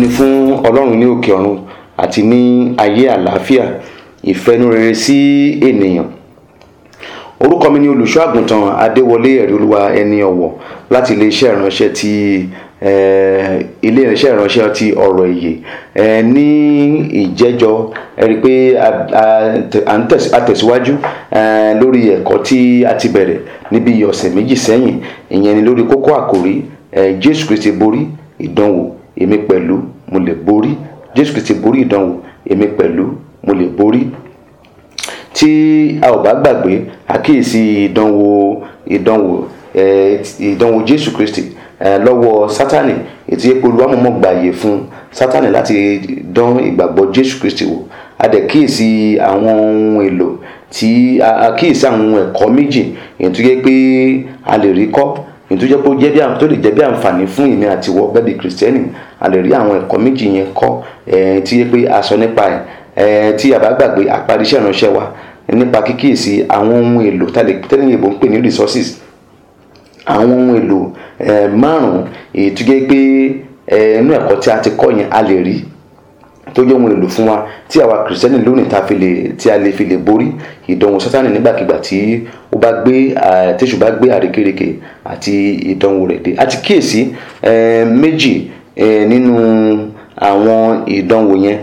ni fún ọlọ́run ní òkè ọ̀run àti ní ayé àlàáfíà ìfẹnurere sí ènìyàn orúkọ mi ni olùṣọ́ àgùntàn adéwọlé ẹ̀rí olúwa ẹni ọ̀wọ̀ láti iléeṣẹ́ ìránṣẹ́ ti ilé ìránṣẹ́ ìránṣẹ́ ti ọ̀rọ̀ èyè ní ìjẹ́jọ́ ẹ rí i pé a tẹ̀síwájú lórí ẹ̀kọ́ tí a ti bẹ̀rẹ̀ níbi ọ̀sẹ̀ méjì sẹ́yìn ìyẹn ni lórí kókó àkòrí jésù kristi borí ìdánwò èmi pẹ̀lú mo lè borí Jésù Kristi borí ìdánwò èmi pẹ̀lú mo lè borí tí a ò bá gbàgbé àkíyèsí ìdánwò ìdánwò ìdánwò Jésù Kristi lọ́wọ́ Sátánì ètò yẹ pé olùwàmọ̀mọ̀ gbààyè fún Sátánì láti dán ìgbàgbọ́ Jésù Kristi wò a dẹ̀ kíyèsí àwọn ohun èlò tí a kíyèsí àwọn ẹ̀kọ́ méjì ètò yẹ pé a lè rí kọ́ nítorí pé ó jẹ́ bí tó lè jẹ́ bí àǹfààní fún ìmí àti wọ gẹ́gẹ́ bí kìrìsìtẹ́nì a lè rí àwọn ẹ̀kọ́ méjì yẹn kọ́ tí yẹ pé a nípa ẹ̀ tí a àparí iṣẹ́ ìránṣẹ́ wa nípa kíkíyèsí àwọn ohun èlò tẹ́lẹ̀ yìnbó ń pè ní resources àwọn ohun èlò márùn-ún èyí tó jẹ́ pé inú ẹ̀kọ́ tí a ti kọ́ yẹn a lè rí tó jẹ́ ohun èlò fún wa tí àwa kìrìsìtẹ́nì lónìí tí a lè fi lè borí ìdánwò sátánì nígbàkigbà tí bá gbé tíṣù bá gbé àrékérekè àti ìdánwò rẹ̀ dé àti kíyèsí méjì nínú àwọn ìdánwò yẹn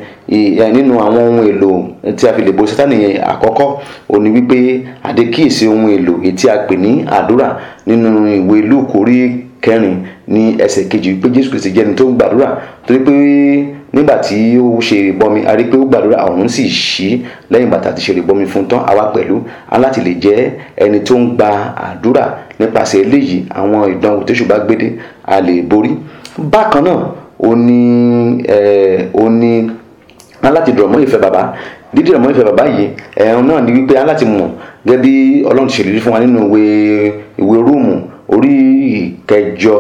nínú àwọn ohun èlò tí a fi lè bo sátánì yẹn àkọ́kọ́ ó ní wípé àdékíyèsí ohun èlò tí a pè ní àdúrà nínú ìwé lúùkù orí kẹrin ní ẹsẹ̀ kejì wípé jésù kìí ṣe jẹ́ni tó ń gbàdúrà torí pé nígbà tí ó ṣe ìbọmi a rí pé ó gbàdúrà ọ̀run sì ṣí lẹ́yìn bàtà ti ṣe ìbọmi fún tán àwa pẹ̀lú aláti lè jẹ́ ẹni tó ń gba àdúrà nípasẹ̀ eléyìí àwọn ìdánwò tó ṣùgbọ́n gbédé a lè borí bákan náà ó ní ó ní aláti dọ̀rọ̀ mọ́ ìfẹ́ bàbá dídí ọmọ ìfẹ́ bàbá yìí ẹ̀hún náà ni wípé aláti mọ̀ gẹ́gẹ́ bí ọlọ́run ti ṣèlérí fún wa nínú ìwé rúùmù orí kẹjọ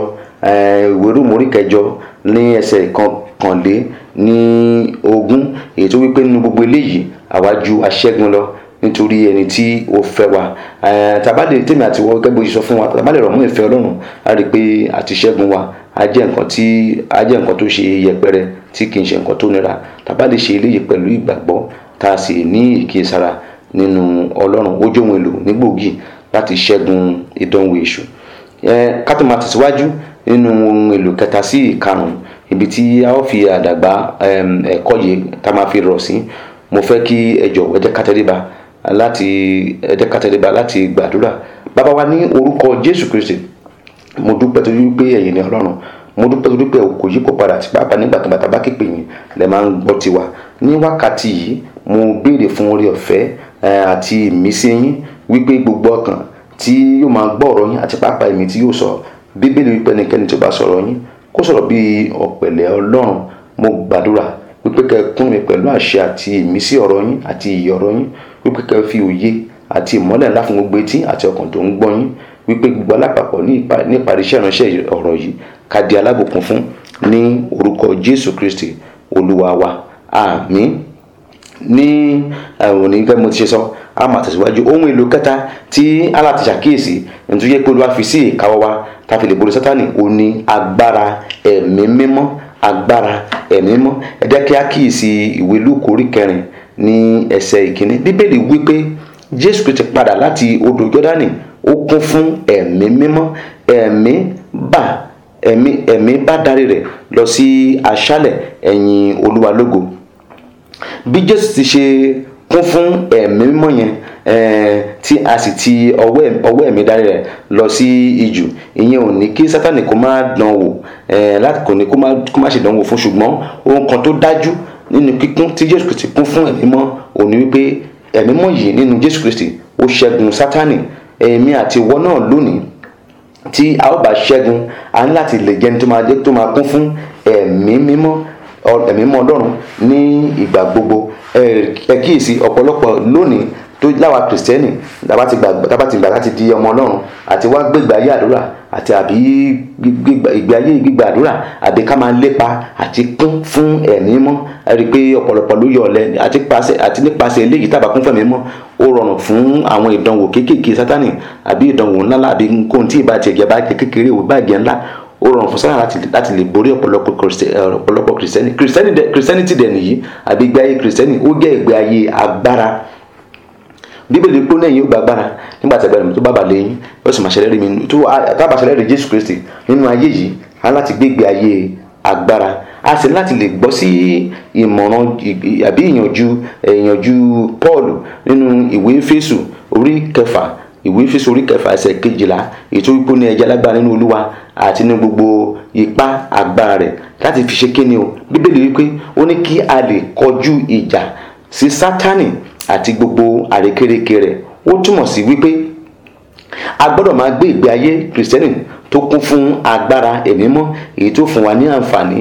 ìwé rúùmù orí kẹjọ ní ẹsẹ̀ kọkànlé ní ogún èyí tó wípé nínú gbogbo eléyìí àwa ju aṣẹ́gun lọ nítorí ẹni tí ó fẹ́ wa tàbádé tèmi àti wọ́n gẹ́gbó yìí sọ fún wa tàbádé rọ̀ mú ìfẹ́ ọlọ́run a rí i pé àti ṣẹ́gun wa a jẹ́ nǹkan tí a jẹ́ nǹkan tó ṣe yẹpẹrẹ tí kì í ṣe nǹkan tó nira tàbádé ṣe eléyìí pẹ̀lú ìgbàgbọ́ tá a sì ní ìkíyèsára nínú ọlọ́run ojú ohun èlò nígbòógì láti ṣẹ́gun ìdánwò èṣù ká tó máa tẹ̀síwájú nínú ohun èlò kẹta sí ìkarùn-ún ibi tí a ó fi àdàgbà ẹ̀kọ́ yìí ká máa fi rọ̀ sí mo fẹ́ kí ẹ jọ̀wọ́ ẹ jẹ́ ká tẹríba láti ẹ jẹ́ ká tẹríba láti gbàdúrà bàbá wa ní orúkọ Jésù Kristi mo dúpẹ́ torí wípé ẹ̀yin ni Ọlọ́run mo dúpẹ́ torí pé kò yípo padà àti pàápàá nígbà tó bàtà bá képe yìí lẹ máa ń gbọ́ tiwa ní wákàtí yìí mo béèrè fún oore ọ̀fẹ́ àti ìmísí yín wípé gbogbo ọkàn tí yóò máa gbọ́ ọ̀rọ̀ yín àti pàápàá èmi tí yóò sọ bíbélì wípé ẹnikẹ́ni tó bá sọ̀rọ̀ yín kó sọ̀rọ̀ bí ọ̀pẹ̀lẹ̀ ọlọ́run mo gbàdúrà wípé kẹ́ kún mi pẹ̀lú àṣẹ àti ìmísí ọ̀rọ̀ yín àti ìyè ọ̀rọ̀ yín wípé kẹ́ fi òye àti ìmọ́lẹ̀ ńlá fún gbogbo etí àti ọkàn tó ń gbọ́ yín wípé gbogbo alápapọ̀ ní ìparí iṣẹ́ ìránṣẹ́ ọ̀rọ̀ yìí ká di alábòkun fún ní orúkọ Jésù Kristi olúwa wa àmín ní òní gẹ́gẹ́ mo ti ṣe sọ a máa tẹ̀síwájú ohun èlò kẹta tí aláàtì ṣàkíyèsí nítorí pé olúwa fi sí ìkáwọ́ wa ká fi lè borí sátani òun ni agbára agbara mímọ́ agbára ẹ̀mí mímọ́ ẹ jẹ́ kí á kíyèsí ìwé lúùkù orí kẹrin ní ẹsẹ̀ ìkíní bíbélì wípé jésù kìí ti padà láti odò jọ́dánì ó kún fún ẹ̀mí mímọ́ ẹ̀mí bà ẹ̀mí ẹ̀mí bá darí rẹ̀ lọ sí aṣálẹ̀ ẹ̀yìn olúwa lógo bí jésù ti ṣe kún fún ẹ̀mí mímọ́ yẹn tí a sì ti ọwọ́ ẹ̀mí darí rẹ̀ lọ sí ijù ìyẹn ò ní kí sátani kó má dán wò láti kò ní kó má ṣe dán wò fún ṣùgbọ́n ohun kan tó dájú nínú kíkún tí Jésù Kristi kún fún ẹ̀mí mọ́ òní wípé ẹ̀mí mọ́ yìí nínú Jésù Kristi ó ṣẹ́gun sátani èmi àti ìwọ náà lónìí tí a ó bá ṣẹ́gun a ní láti lè jẹni tó máa kún fún ẹ̀mí mímọ́ ẹ̀mí mímọ́ ọlọ́run ní ìgbà gbogbo ẹ ọ̀pọ̀lọpọ̀ lónìí tó láwa kìrìsìtẹ́nì tábà ti gbà láti di ọmọ ọlọ́run àti wá gbégbé ayé àdúrà àti àbí ìgbé ayé gbígbà àdúrà àbí ká máa lépa àti kún fún ẹ̀mí mọ́ rí i pé ọ̀pọ̀lọpọ̀ ló yọ ọ̀lẹ àti nípasẹ̀ eléyìí tábà kún fẹ̀mí mọ́ ó rọrùn fún àwọn ìdánwò kéékèèké sátánì àbí ìdánwò ńláńlá àbí nǹkan tí ìbá tiẹ̀ jẹ́ bá jẹ́ kékeré ìwé bá jẹ́ ńlá ó rọrùn fún sáà láti lè borí ọ̀pọ̀lọpọ̀ kìrìsìtẹ́nì kìrìsìtẹ́nì bíbélì pé lẹ́yìn yóò gbàgbára nígbà tí ẹgbẹ̀rún tó bá bàlẹ̀ yín yóò sì máa ṣẹlẹ́rìí mi tó bá ṣẹlẹ́rìí Jésù Kristi nínú ayé yìí á láti gbégbé ayé agbára a sì láti lè gbọ́ sí ìmọ̀ràn àbí ìyànjú ìyànjú Paul nínú ìwé Éfésù orí kẹfà ìwé Éfésù orí kẹfà ẹsẹ̀ kejìlá ètò ipò ní ẹja lágbára nínú Olúwa àti ní gbogbo ipá agbára rẹ̀ láti fi ṣe kíni o Bíbélì wípé ó ní kí a lè kọjú ìjà sí Sátánì àti gbogbo àrékérekè rẹ̀ ó túmọ̀ sí wípé a gbọ́dọ̀ máa gbé ìgbé ayé kìrìsìtẹ́nì tó kún fún agbára ẹ̀mí mọ́ èyí tó fún wa ní àǹfààní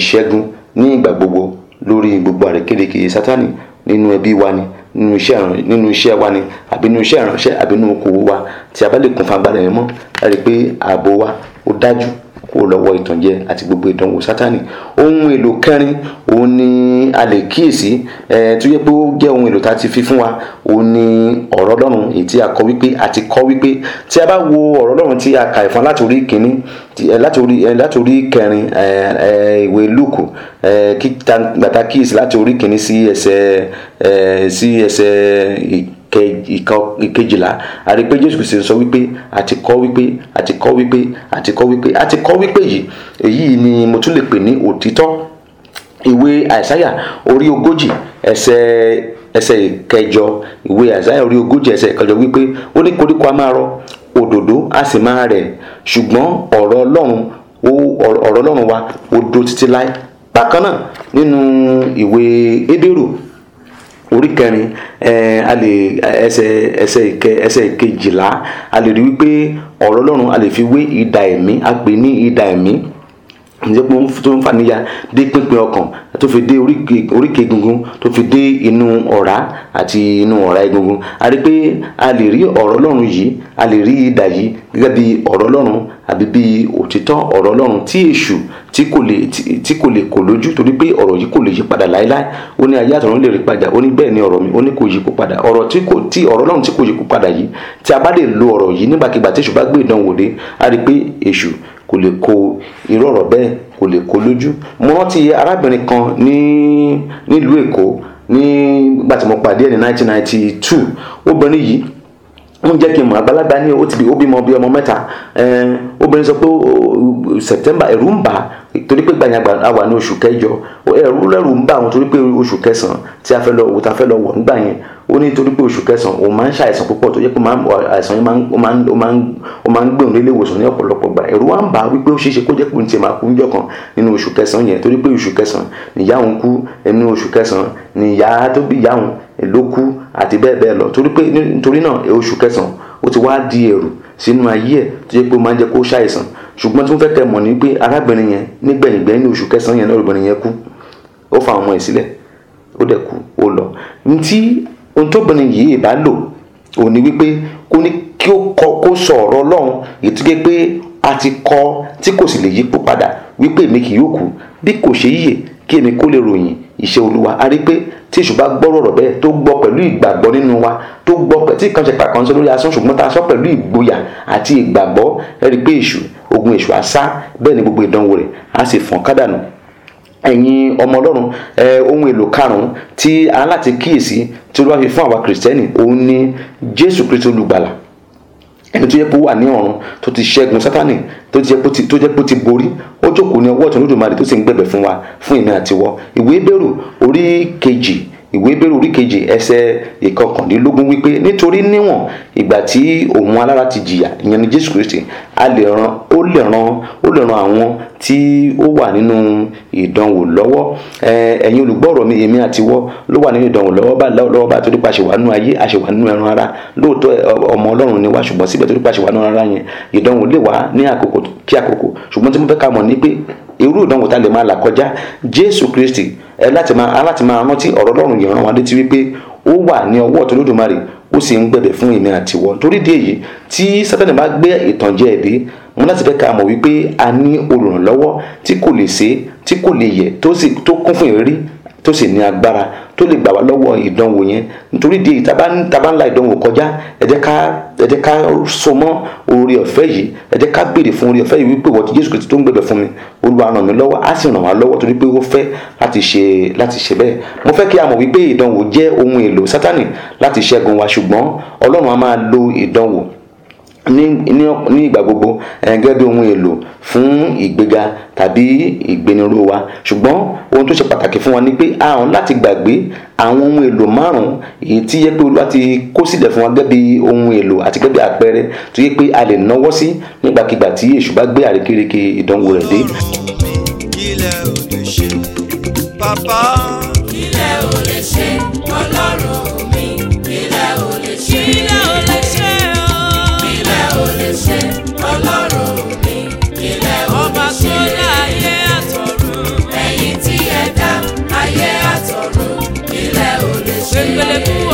ìṣẹ́gun ní ìgbà gbogbo lórí gbogbo àrékérekè sátani nínú ẹbí wa ni nínú iṣẹ́ nínú iṣẹ́ wa ni àbí nínú iṣẹ́ ìránṣẹ́ àbí nínú okòwò wa tí a bá lè kún fún agbára ẹ̀mí mọ́ láti pé ààbò wa ó dájú kúrò lọ́wọ́ ìtànjẹ àti gbogbo ìdánwò sátani ohun èlò kẹrin òun ni a lè kíyèsí tó yẹ pé ó jẹ́ ohun èlò tá a ti fi fún wa òun ni ọ̀rọ̀ ọlọ́run èyí tí a kọ wípé a ti kọ wípé tí a bá wo ọ̀rọ̀ ọlọ́run tí a kà ìfọn láti orí kìíní láti orí kẹrin ìwé lùkù kíta gbàtà kíyèsí láti orí kìíní sí ẹsẹ̀ sí ẹsẹ̀ ìkejìlá a rí pé jésù kìí sọ wípé àti kọ́ wípé àti kọ́ wípé àti kọ́ wípé àti kọ́ wípé yìí èyí ni mo tún lè pè ní òtítọ́ ìwé àìsáyà orí ogójì ẹsẹ̀ ẹsẹ̀ ìkẹjọ ìwé àìsáyà orí ogójì ẹsẹ̀ ìkẹjọ wípé ó ní koríko a máa rọ òdòdó a sì máa rẹ̀ ṣùgbọ́n ọ̀rọ̀ ọlọ́run ọ̀rọ̀ ọlọ́run wa ó dó títí láé bákan náà nínú ìwé édèrò orí kẹrin a lè ẹsẹ̀ ẹsẹ̀ ìkẹ ẹsẹ̀ ìkejìlá a lè rí wípé ọ̀rọ̀ ọlọ́run a lè fi wé idà ẹ̀mí a pè ní idà ẹ̀mí ǹjẹ́ pé tó ń fàníyà dé pínpín ọkàn tó fi dé oríkè egungun tó fi dé inú ọ̀rá àti inú ọ̀rá egungun a rí pé a lè rí ọ̀rọ̀ ọlọ́run yìí a lè rí idà yìí gẹ́gẹ́ bí ọ̀rọ̀ ọlọ́run àbí bí òtítọ́ ọ̀rọ̀ ọlọ́run tí èṣù tí kò lè kò lójú torí pé ọ̀rọ̀ yìí kò lè yí padà láéláé ó ní ayé àtọ̀run lè rí padà ó ní bẹ́ẹ̀ ni ọ̀rọ̀ mi ó ní kò yí kó padà ọ̀rọ̀ tí kò tí ọ̀rọ̀ ọlọ́run tí kò yí kó padà yìí tí a bá lè lo ọ̀rọ̀ yìí nígbàkigbà tí èṣù bá gbé ìdánwò dé a rí pé èṣù kò lè kó irú ọ̀rọ̀ bẹ́ẹ̀ kò lè kó lójú mo rántí arábìnrin kan ní nílùú èkó nígbà tí mo pàdé ẹ̀ ní 1992 obìnrin yìí ń jẹ́ kí n mọ̀ àgbàlagbà ní o ti di ó bímọ bí ọmọ mẹ́ta obìnrin sọ pé September ẹ̀rù ń bà á torí pé gbàyàn àwà ní oṣù kẹjọ ẹ̀rù lẹ́rù ń bà àwọn torí pé oṣù kẹsàn-án tí a fẹ́ lọ wò tá a fẹ́ lọ wọ̀ nígbà yẹn ó ní torí pé oṣù kẹsàn-án òun máa ń ṣàìsàn púpọ̀ tó yẹ pé àìsàn yìí máa ń gbé òun nílé ìwòsàn ní ọ̀pọ̀lọpọ̀ gbà ẹ̀rù wa ń bà á wípé ó ṣeéṣe kó jẹ́ pé òun ti máa kú níjọ́ kan nínú oṣù kẹsàn-án yẹn torí pé oṣù kẹsàn-án nìyá òun kú nínú oṣù kẹsàn-án nìyá tó bí ìyá òun ló kú àti bẹ́ẹ̀ bẹ́ẹ̀ lọ torí pé nítorí náà oṣù kẹsàn ó ti wá di ẹ̀rù sínú ayé ẹ̀ tó yẹ pé ó máa ń jẹ́ kó ṣàìsàn ṣùgbọ́n tí wọ́n fẹ́ kẹ́ mọ̀ ni pé arábìnrin yẹn nígbẹ̀yìngbẹ́yìn ní oṣù kẹsàn-án yẹn lọ́rùbìnrin yẹn kú ó fa ọmọ ẹ̀ sílẹ̀ ó dẹ̀ kú ó lọ ntí ohun tóbìnrin yìí ìbá lò òun ni wípé kó ní kí ó kọ kó sọ ọ̀rọ̀ ọlọ́run ìtúgẹ́ pé a ti kọ tí kò sì lè yípo padà wípé èmi kì yóò kú bí kò ṣe yíyè kí èmi kó lè ròyìn ìṣe olúwa a rí pé tí èṣù bá gbọ́rọ̀ ọ̀rọ̀ bẹ́ẹ̀ tó gbọ́ pẹ̀lú ìgbàgbọ́ nínú wa tó gbọ́ pẹ̀ tí ìkànṣe pàkan sọ lórí asán ṣùgbọ́n tá a sọ pẹ̀lú ìgboyà àti ìgbàgbọ́ ẹ rí pé èṣù ogun èṣù á bẹ́ẹ̀ ni gbogbo ìdánwò rẹ̀ á sì fọ́n kádànù ẹ̀yin ọmọ ọlọ́run ohun èlò karùn-ún tí a láti kíyèsí tí olúwa fi fún àwa kìrìsìtẹ́nì òun ni jésù kristu olùgbàlà ẹni tó yẹ kó wà ní ọ̀run tó ti ṣẹ́gun sátánì tó jẹ́ pé tó jẹ́ pé ó ti borí ó jókòó ní ọwọ́ ọ̀tún lódùmarè tó sì ń gbẹ̀bẹ̀ fún wa fún èmi àtiwọ́ ìwé bẹ́rù orí kejì ìwé bẹ̀rù orí kejì ẹsẹ̀ ìkọkàndínlógún wípé nítorí níwọ̀n ìgbà tí òun alára ti jìyà ìyẹn ni jésù kristi a lè ran ó lè ran ó lè ran àwọn tí ó wà nínú ìdánwò lọ́wọ́ ẹ̀yin olùgbọ́rọ̀ mi èmi àti wọ́ ló wà nínú ìdánwò lọ́wọ́ bá lọ́wọ́ bá torí pa nínú ayé àṣewà nínú ẹran ara lóòótọ́ ọmọ ọlọ́run ni wá ṣùgbọ́n síbẹ̀ torí pa àṣewà nínú ara yẹn ìdánwò lè wá ní àkókò kí àkókò ṣùgbọ́n tí mo fẹ́ ká mọ̀ ni pé irú ìdánwò tá a lè máa là kọjá jésù kristi ẹ láti máa láti máa rántí ọ̀rọ̀ ọlọ́run yìí rán wa létí wípé ó wà ní ọwọ́ ọ̀tún lódùmarè ó sì ń gbẹ̀bẹ̀ fún èmi àti wọn torí di èyí tí sátani bá gbé ìtànjẹ ẹ̀dí mo láti fẹ́ ká mọ̀ wípé a ní olùrànlọ́wọ́ tí kò lè ṣe tí kò lè yẹ tó kún fún ìrírí tó sì ní agbára tó lè gbà wá lọ́wọ́ ìdánwò yẹn nítorí di taba taba ńlá ìdánwò kọjá ẹ jẹ́ ká ẹ jẹ́ ká so mọ́ oore ọ̀fẹ́ yìí ẹ jẹ́ ká béèrè fún oore ọ̀fẹ́ yìí wípé wọ́n ti Jésù Kristi tó ń gbẹ̀bẹ̀ fún mi Olúwa ràn mí lọ́wọ́ á sì ràn wá lọ́wọ́ torí pé ó fẹ́ láti ṣe bẹ́ẹ̀ mo fẹ́ kí a mọ̀ wípé ìdánwò jẹ́ ohun èlò Sátánì láti ṣẹ́gun wa ṣùgbọ́n Ọlọ́run á máa lo ìdánwò ní ní ìgbà gbogbo gẹ́gẹ́ bí ohun èlò fún ìgbéga tàbí ìgbéniró wa ṣùgbọ́n ohun tó ṣe pàtàkì fún wa ni pé a hàn láti gbàgbé àwọn ohun èlò márùn-ún èyí tí yẹ pé olúwa ti kó sílẹ̀ fún wa gẹ́gẹ́ bí ohun èlò àti gẹ́gẹ́ bí àpẹẹrẹ tó yẹ pé a lè náwó sí nígbàkigbà tí èṣù bá gbé àrékérekè ìdánwò rẹ̀ dé. kílẹ̀ ò lè ṣe bàbá kílẹ̀ ò ṣe ọlọ́run. Bele bua